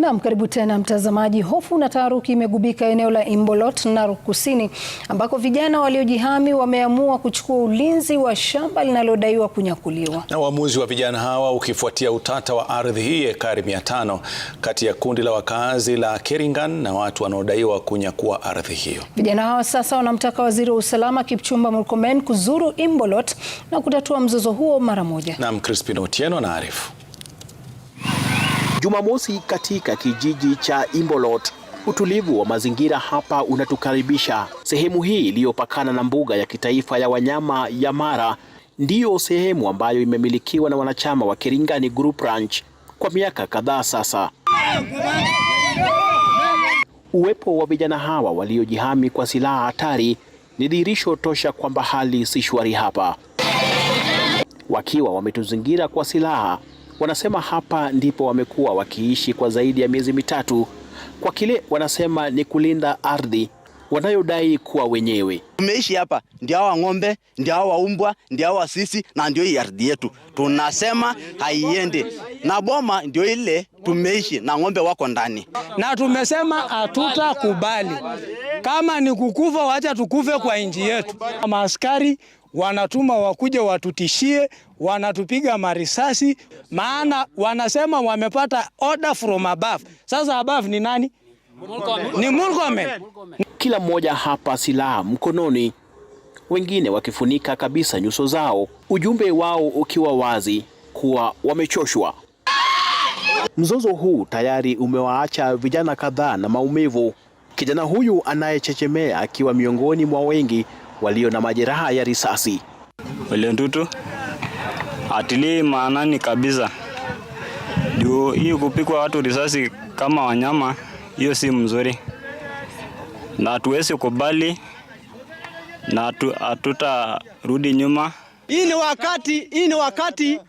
Naam, karibu tena mtazamaji. Hofu na taharuki imegubika eneo la Imbolot, Narok Kusini, ambako vijana waliojihami wameamua kuchukua ulinzi wa shamba linalodaiwa kunyakuliwa. Na uamuzi wa vijana hawa ukifuatia utata wa ardhi hii ekari 500 kati ya kundi la wakazi la Keringan na watu wanaodaiwa kunyakua ardhi hiyo. Vijana hawa sasa wanamtaka Waziri wa Usalama Kipchumba Murkomen kuzuru Imbolot na kutatua mzozo huo mara moja. Naam, Crispin Otieno anaarifu. Jumamosi katika kijiji cha Imbolot. Utulivu wa mazingira hapa unatukaribisha. Sehemu hii iliyopakana na mbuga ya kitaifa ya wanyama ya Mara ndiyo sehemu ambayo imemilikiwa na wanachama wa Kiringani Group Ranch kwa miaka kadhaa sasa. Uwepo wa vijana hawa waliojihami kwa silaha hatari ni dhihirisho tosha kwamba hali si shwari hapa. Wakiwa wametuzingira kwa silaha wanasema hapa ndipo wamekuwa wakiishi kwa zaidi ya miezi mitatu kwa kile wanasema ni kulinda ardhi wanayodai kuwa wenyewe. Tumeishi hapa ndio hawa ng'ombe, ndio hawa umbwa, ndio hawa sisi, na ndio hii ardhi yetu tunasema haiende, na boma ndio ile tumeishi na ng'ombe wako ndani, na tumesema hatutakubali. Kama ni kukufa, wacha tukufe kwa nchi yetu. Maaskari wanatuma wakuja watutishie, wanatupiga marisasi, maana wanasema wamepata order from above. Sasa above ni nani? Ni Murkomen. Kila mmoja hapa silaha mkononi, wengine wakifunika kabisa nyuso zao, ujumbe wao ukiwa wazi kuwa wamechoshwa. Mzozo huu tayari umewaacha vijana kadhaa na maumivu. Kijana huyu anayechechemea akiwa miongoni mwa wengi walio na majeraha ya risasi. Wile ndutu atilii maanani kabisa juu hii kupikwa watu risasi kama wanyama, hiyo si mzuri na hatuwezi kubali na hatutarudi nyuma. Hii ni wakati, hii ni wakati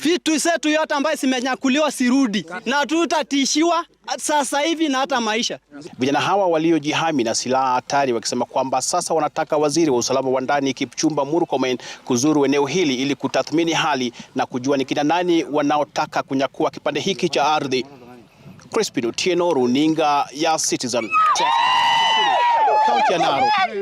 vitu zetu yote ambayo zimenyakuliwa sirudi, na tutatishiwa sasa hivi na hata maisha. Vijana hawa waliojihami na silaha hatari wakisema kwamba sasa wanataka waziri wa usalama wa ndani Kipchumba Murkomen kuzuru eneo hili ili kutathmini hali na kujua ni kina nani wanaotaka kunyakua kipande hiki cha ardhi. Crispin Otieno, runinga ya Citizen, kaunti ya Narok.